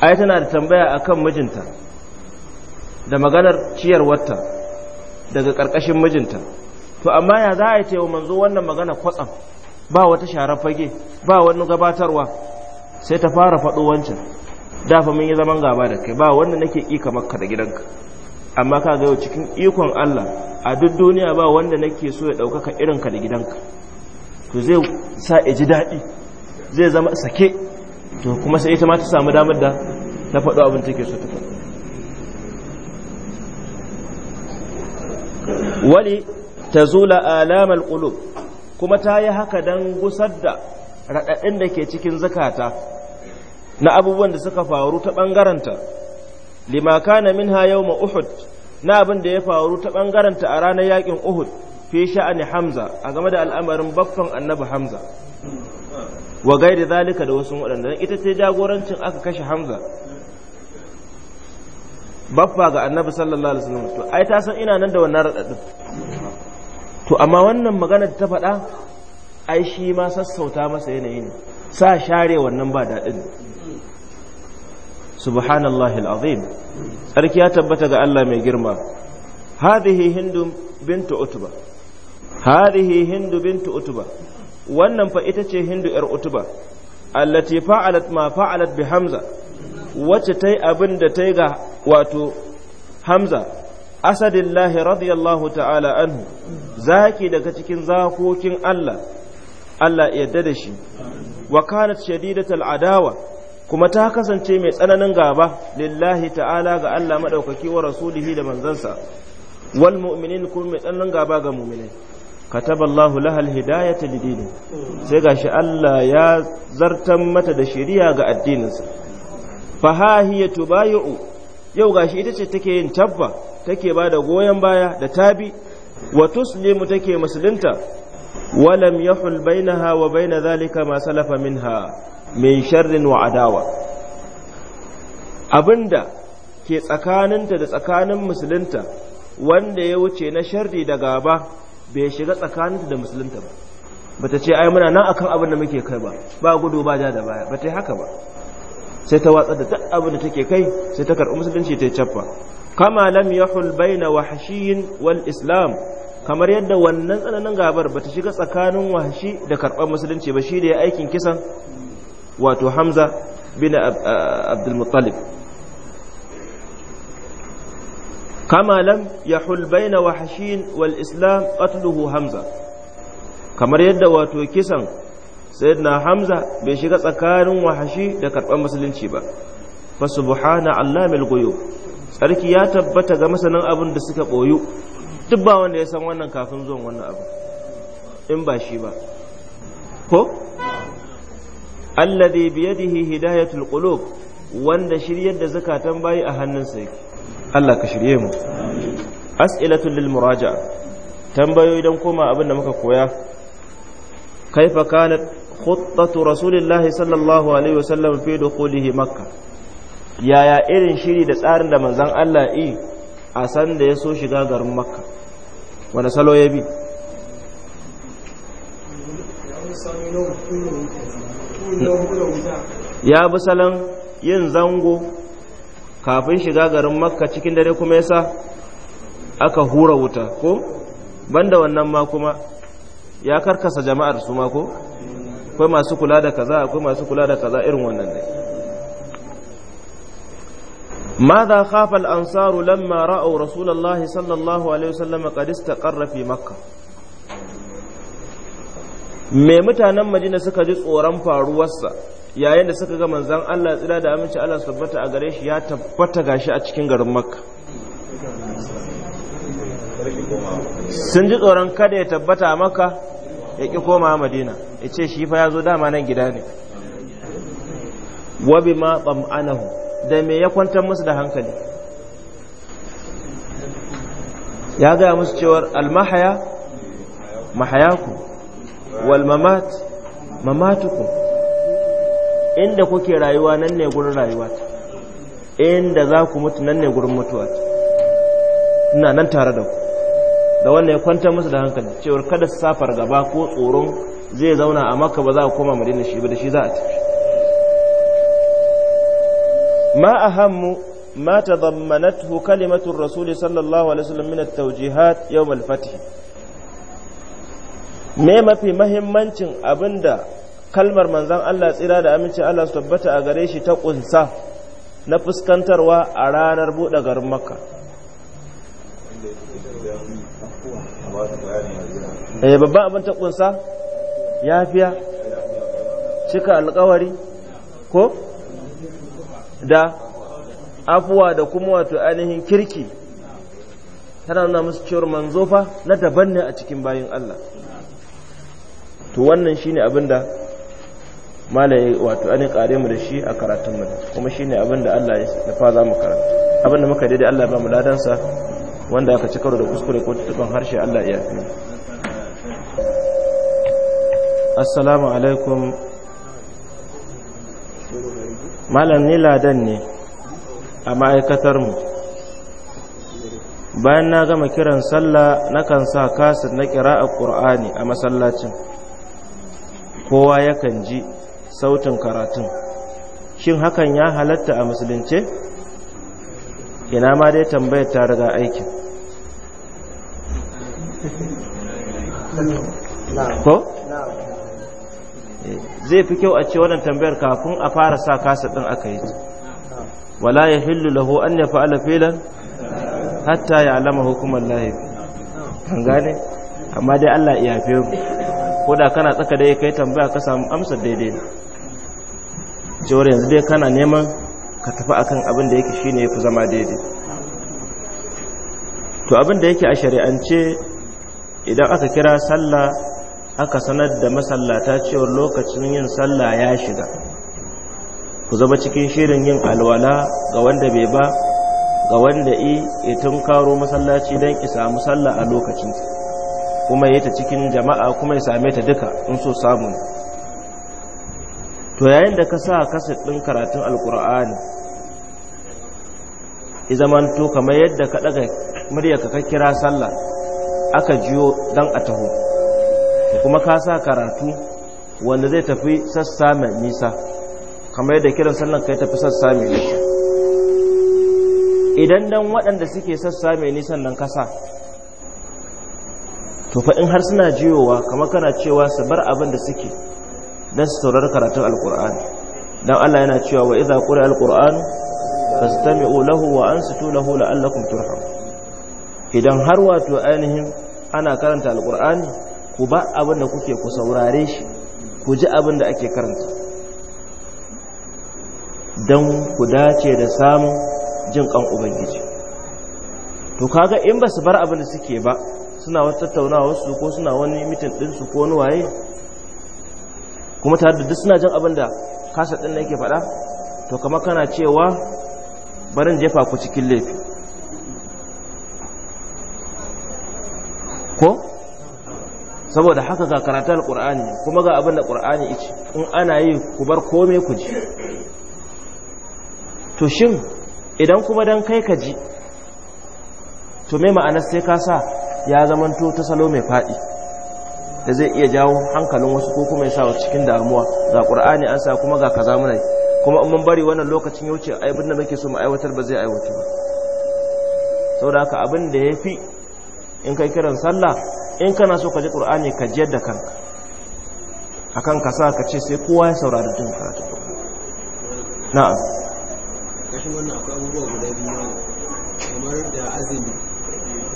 Speaker 1: ai tana da tambaya akan mijinta da maganar ciyar ciyarwarta daga ƙarƙashin mijinta to amma ya za a yi wa manzo wannan magana kwatsam ba wata sharar fage ba wani gabatarwa sai ta fara faɗo wancan Da fa mun yi zaman gaba da kai ba wanda nake ki kamar ka da gidanka amma ka ga yau cikin ikon Allah a duk duniya ba wanda nake so ya ɗaukaka irin ka da gidanka to zai sa ya ji daɗi zai zama sake to kuma sai ita ma ta samu damar da ta faɗo abin take so ta faɗo wali tazula alamal qulub kuma ta yi haka dan gusar da raɗaɗin da ke cikin zakata na abubuwan da suka faru ta ɓangaranta lima kana minha ma uhud na abin da ya faru ta ɓangaranta a ranar yakin uhud fi sha'ani hamza a game da al'amarin baffan annabi hamza wa gaida zalika da wasu waɗanda ita ce jagorancin aka kashe hamza baffa ga annabi sallallahu alaihi wasallam to ai ta san ina nan da wannan radadin to amma wannan magana ta faɗa ai shi ma sassauta masa yanayin sa share wannan ba daɗin subhanallahi alazim sarki ya tabbata ga Allah mai girma hadhihi hindu bintu utuba. hadhihi hindu bintu utba wannan fa ita ce hindu yar utuba. allati fa'alat ma fa'alat bi hamza wacce tai abin da tai ga wato hamza asadillahi radiyallahu ta'ala anhu zaki daga cikin zakokin Allah Allah ya yarda da shi wa kanat shadidatul adawa kuma ta kasance mai tsananin gaba lillahi ta'ala ga Allah madaukaki wa rasulihi da manzansa wal mu'minin kuma mai tsananin gaba ga mu'minai kataballahu lahal hidayata lidini sai gashi Allah ya zartan mata da shari'a ga addininsa fa hahiya tubayu yau gashi ita ce take yin tabba take ba da goyon baya da tabi wa tuslimu take musulunta walam yahul bainaha wa baina zalika ma salafa minha min sharrin wa adawa abinda ke tsakaninta da tsakanin musulunta wanda ya wuce na sharri da gaba bai shiga tsakaninta da musulunta ba bata ce ai muna nan akan abin da muke kai ba ba gudu ba ja da baya bata yi haka ba sai ta watsa da duk abin da take kai sai ta karɓi musulunci ta caffa kama lam yahul baina wahshiyin wal islam kamar yadda wannan tsananin gabar bata shiga tsakanin wahshi da karɓar musulunci ba shi da ya aikin kisan wato hamza bin abdulmuttalib kama lam yahul baina wahshin wal islam qatluhu hamza kamar yadda wato kisan sayyidina hamza bai shiga tsakanin wahashi da karban musulunci ba fa subhana mil ghuyub sarki ya tabbata ga masanin abin da suka boyu duk ba wanda ya san wannan kafin zuwan wannan abu in ba shi ba ko alladhi biyadihi hidayatul qulub wanda shiryar da zakatan bayi a hannunsa yake Allah ka shirye mu as'ilatul lil muraja'a tambayoyi don koma abin da muka koya kaifa kanat khuttatu rasulillahi sallallahu alaihi wasallam fi dukhulihi makka yaya irin shiri da tsarin da manzon Allah yi a san da ya so shiga garin makka wani salo ya bi ya bi salon yin zango kafin shiga garin makka cikin dare kuma yasa aka hura wuta ko banda wannan ma kuma ya karkasa jama'ar su ma ko akwai masu kula da kaza akwai masu kula da kaza irin wannan ne ماذا خاف الأنصار لما رأوا رسول الله صلى الله عليه وسلم قد استقر في مكة Mai mutanen madina suka ji tsoron faruwarsa yayin da suka ga manzan Allah tsira da aminci Allah su tabbata a gare shi ya tabbata gashi a cikin garin makka sun ji tsoron kada ya tabbata a makka ya ƙi koma a madina ya ce shi fa ya zo dama nan gida ne wabi ma ɓam'anahu da me ya kwantar musu da hankali ya gaya musu cewar almahaya mahayaku wal mamat mamatukum inda kuke rayuwa nan ne gurin rayuwa inda za ku mutu nan ne gurin mutuwa ina nan tare da ku da wannan ya kwanta musu da hankali cewar kada su safar gaba ko tsoron zai zauna a Makka ba za a koma madina shi ba da shi za a tafi Ma أهم ما تضمنته كلمة sallallahu alaihi wasallam min at-tawjihat yawm al-fath me mafi mahimmancin abinda kalmar manzan Allah tsira da amincin Allah su tabbata a gare shi ta kunsa na fuskantarwa a ranar buɗe garin makka eh babban abin ta kunsa yafiya cika alkawari ko da afuwa da kuma wato ainihin kirki tana nuna musu cewar manzofa na daban ne a cikin bayan Allah to wannan shine abin da wato an kare mu da shi a karatun mu kuma shine abin da Allah ya fa za mu karanta abin da muka daidai Allah ba mu ladan sa wanda aka ci karo da kuskure ko tutuban harshe Allah ya yi assalamu alaikum malam ni ladan ne a ma'aikatar mu bayan na gama kiran sallah nakan sa kasir na kira'a qur'ani a masallacin kowa yakan ji sautin karatun shin hakan ya halatta a musulunce ina ma dai tambayar ta riga aikin ko zai fi kyau a ce wannan tambayar kafin a fara sa kasa ɗin aka yi wala ya hillu lahu an ya fa'ala filan hatta ya alama hukumar lahi an gane amma dai Allah iya yafe mu ko da kana tsaka da kai tambaya ka samu amsar daidai cewar yanzu dai kana neman ka tafi akan abin da yake shine yafi zama daidai to abin da yake a shari'ance idan aka kira sallah aka sanar da masallata cewar lokacin yin sallah ya shiga ku zama cikin shirin yin alwala ga wanda bai ba ga wanda i ya tunkaro masallaci don ki samu sallah a lokacinta kuma ya ta cikin jama'a kuma ya same ta duka in so samu to yayin da ka sa kasa ɗin karatun alkur'ani ya to kamar yadda ka ɗaga muryarka ka kira sallah aka jiyo don a taho kuma ka sa karatu wanda zai tafi sassa mai nisa kamar yadda kiran sallan ka tafi sassa mai nisa idan don waɗanda suke sassa mai nisan nan kasa to fa in har suna jiyowa kamar kana cewa su bar abin da suke don su taurari karatun alkur'ani don allah yana cewa wa iza kuri alkur'ani ba su tami olahu wa an su hula la'allakum turham idan har wato ainihin ana karanta alkur'ani ku ba abin da kuke ku saurare shi ku ji abin da ake karanta don ku dace da samun jin kan ubangiji to kaga in ba su bar abin da suke ba suna wata tattaunawa wasu ko suna wani mitin ɗinsu ko wani waye kuma tare da duk suna jin abin da kasa ɗin yake faɗa to kama kana cewa barin jefa ku cikin laifi ko saboda haka ga karatun alƙur'ani kuma ga abin da ƙur'ani ice in ana yi ku bar kome ku ji to shin idan kuma don kai ka ji to me ma'anar sai ka sa ya zamanto ta salo mai faɗi da zai iya jawo hankalin wasu ko kuma ya sa cikin damuwa ga qur'ani an sa kuma ga kaza muna kuma in mun bari wannan lokacin ya wuce abin da muke so mu aiwatar ba zai aiwatu ba saboda haka abin da ya fi in kai kiran sallah in kana so ka ji kur'ani ka ji yadda kanka a kan ka sa ka ce sai kowa ya saurari jin karatu na'am
Speaker 2: kashin wannan akwai abubuwa guda biyu kamar da azumi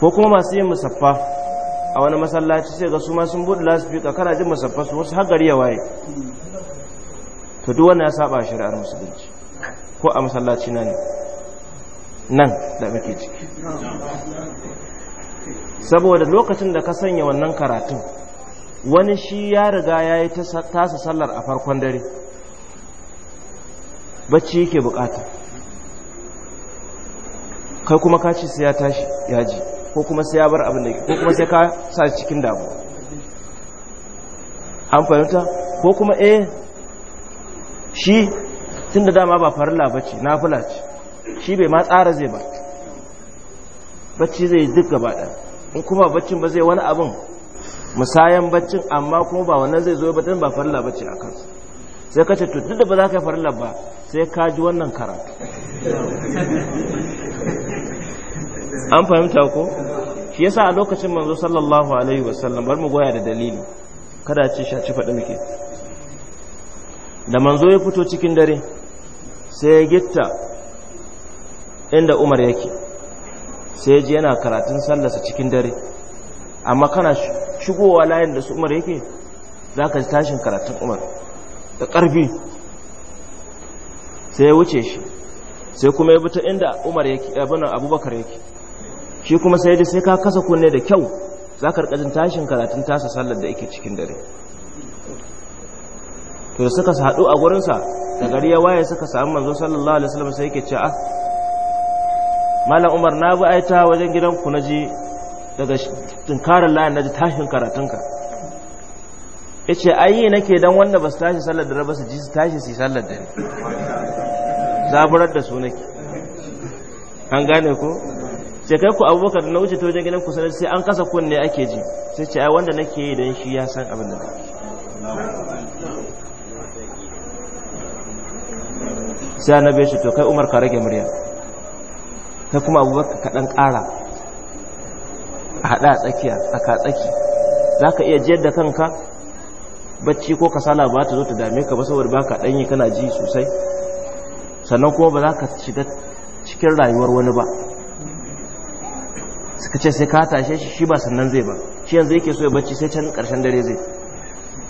Speaker 1: ko kuma masu yin musaffa a wani masallaci sai ga su ma sun buɗe lasifika kana jin musaffa su wasu har gari ya waye to duk wannan ya saba shari'ar musulunci ko a masallaci na ne nan da muke ciki saboda lokacin da ka sanya wannan karatun wani shi ya riga ya yi tasa sallar a farkon dare bacci yake bukata kai kuma kaci sai ya tashi ya ji ko kuma sai ya bar abin da ko kuma sai ka sa cikin damu an fahimta ko kuma eh shi tun da dama ba farilla ba ce nafula ce shi bai ma tsara zai ba bacci zai duk gaba ɗaya in kuma baccin ba zai wani abin musayan baccin amma kuma ba wannan zai zo ba batun ba farilla bace a kansu sai ka ce duk da ba za ka yi farilla ba sai ka ji wannan karatu
Speaker 2: an fahimta ko
Speaker 1: shi yasa a lokacin manzo sallallahu alaihi wasallam bar mu goya da dalili kada ce shi a ci faɗi muke da manzo ya fito cikin dare sai ya gitta inda umar yake sai ya ji yana karatun sallarsa cikin dare amma kana shigowa layin da su umar yake za ji tashin karatun umar da ƙarfi sai ya wuce shi sai kuma ya ta inda umar yake abinan abubakar yake shi kuma sai dai sai ka kasa kunne da kyau za ka rikajin tashin karatun tasa sallar da yake cikin dare to suka haɗu a gurinsa da gari ya waye suka samu manzo sallallahu alaihi wasallam sai yake ce ah malam umar na bi aita wajen gidan ku naji daga tinkarar layin naji tashin karatunka ya ce ayi nake don wanda ba su tashi sallar dare ba su ji su tashi su yi sallar dare zaburar da su nake an gane ko sai kai ku abubakar na wuce ta wajen gidan ku sanar sai an kasa kunne ake ji sai ce ai wanda nake yi don shi ya san abin da sai sai be shi to kai umar ka rage murya kai kuma abubakar ka dan ƙara a a tsakiya a tsaki za ka iya jiyar da kanka bacci ko kasala ba ta zo ta dame ka ba saboda ba ka ɗanyi kana ji sosai sannan kuma ba za ka shiga cikin rayuwar wani ba suka ce sai ka tashe shi shi ba sannan zai ba shi yanzu yake so ya bacci sai can karshen dare zai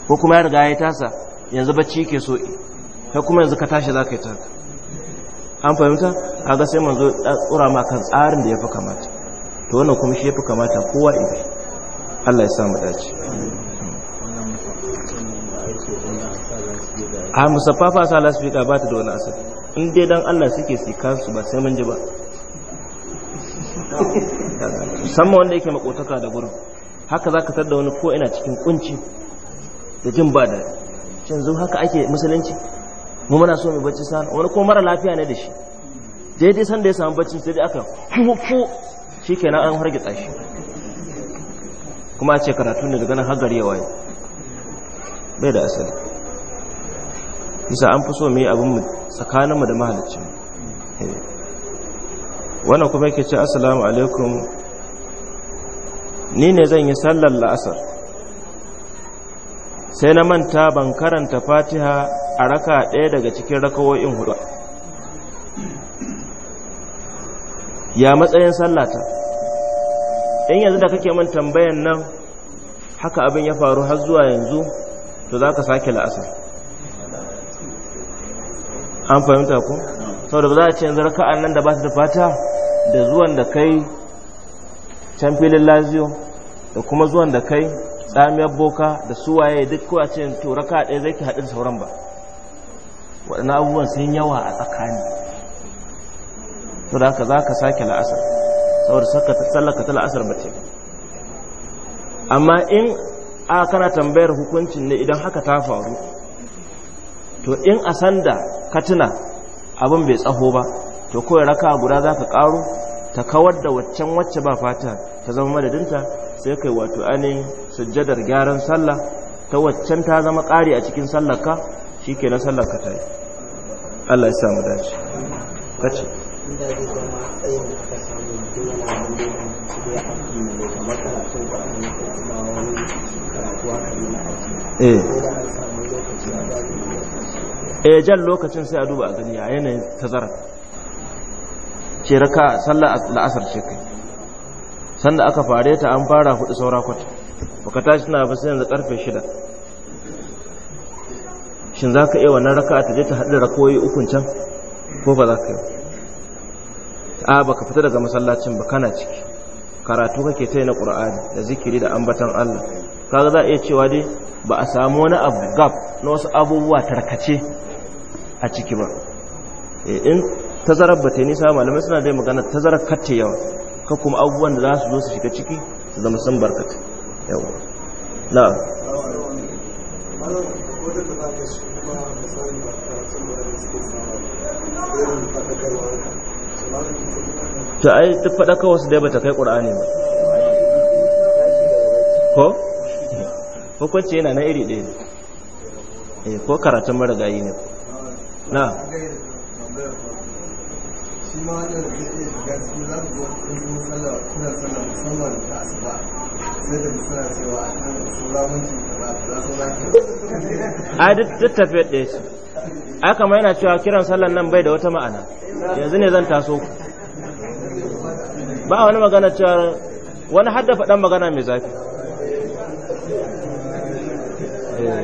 Speaker 1: ko kuma ya riga ya tasa yanzu bacci yake so ya kuma yanzu ka tashi za ka yi ta an fahimta a ga sai manzo tsura ma kan tsarin da ya fi kamata to wannan kuma shi ya fi kamata kowa ibi allah ya sa mu dace a musaffafa sa lasfika ba ta da wani asali in dai dan allah suke sikansu ba sai mun ji ba musamman wanda yake makotaka da gurin haka za ka tar da wani ko ina cikin kunci da jin ba da yanzu haka ake musulunci mu muna so mu bacci sana wani ko mara lafiya ne da shi daidai san da ya samu bacci sai dai aka shi shikenan an harge tsashi. kuma a ce karatu ne daga nan har gari ya waye bai da asali bisa an fi so mu yi abin mu tsakaninmu da mahalicci. Eh. wannan kuma yake ce assalamu alaikum ni ne zan yi sallar la'asar sai na manta ban karanta fatiha a raka ɗaya daga cikin rakawo'in hudu ya matsayin sallata in yanzu da kake man tambayan nan haka abin ya faru har zuwa yanzu to za ka sake la'asar an fahimta ku sau da ba za a ce yanzu raka'an nan da ba su da fata da zuwan da kai can filin laziyo da kuma zuwan da kai tsamiyar boka da suwaye duk kowa ce tura ka ɗaya zai ki haɗu da sauran ba waɗannan abubuwan sun yawa a tsakani to da haka za ka sake la'asar saboda saka ta tsallaka ta la'asar ba ce amma in a kana tambayar hukuncin ne idan haka ta faru to in a sanda katina abin bai tsaho ba to kawai raka guda za ka ƙaro ta kawar da waccan wacce ba fata ta zama madadinta sai kai wato anin sujjadar gyaran sallah ta waccan ta zama ƙari a cikin ka shi ke na sallarka ta yi Allah ya samu dace kace eh. eh jan lokacin sai a duba a gani a yanayin tazara ce raka sallar la'asar ce sanda aka fare ta an fara hudu saura kwata baka tashi na basu yanzu karfe shida shin za ka iya wannan raka ta je ta haɗu da koyi ukun can ko ba za ka yi a baka fita daga masallacin ba kana ciki karatu kake ta na ƙur'ani da zikiri da ambatan allah kaga za a iya cewa dai ba a samu wani abu gab na wasu abubuwa tarkace a ciki ba eh, in tazarar ba ta nisa malamai suna dai magana tazarar katte yawa ka kuma abubuwan da za su zo su shiga ciki su zama sun barkata yawa na to ai duk faɗaka wasu dai bata kai ƙur'ani ba ko hukunci yana na iri ɗaya eh, ko karatun marigayi ne na
Speaker 2: shi ma wannan ta sai cewa kan
Speaker 1: ai ai kamar yana cewa kiran sallan nan bai da wata ma'ana yanzu ne zan taso ba wani magana cewa wani hadda faɗan magana mai zafi
Speaker 2: eh,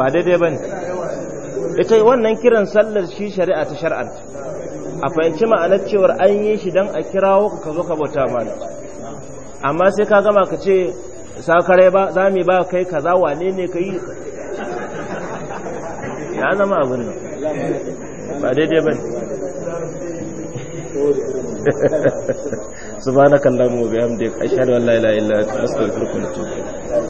Speaker 2: ba daidai
Speaker 1: ba ne ita wannan kiran sallar shi shari'a ta shari'ar a fahimci ma'anar cewar an yi shi don a kirawo ka zo ka bauta mana amma sai ka gama ka ce sakare ba za mu ba kai ka za wane ne ka yi
Speaker 2: ya zama abin nan ba daidai ba [laughs]
Speaker 1: subhanakallahumma wa bihamdika ashhadu an la ilaha illa
Speaker 2: anta astaghfiruka wa atubu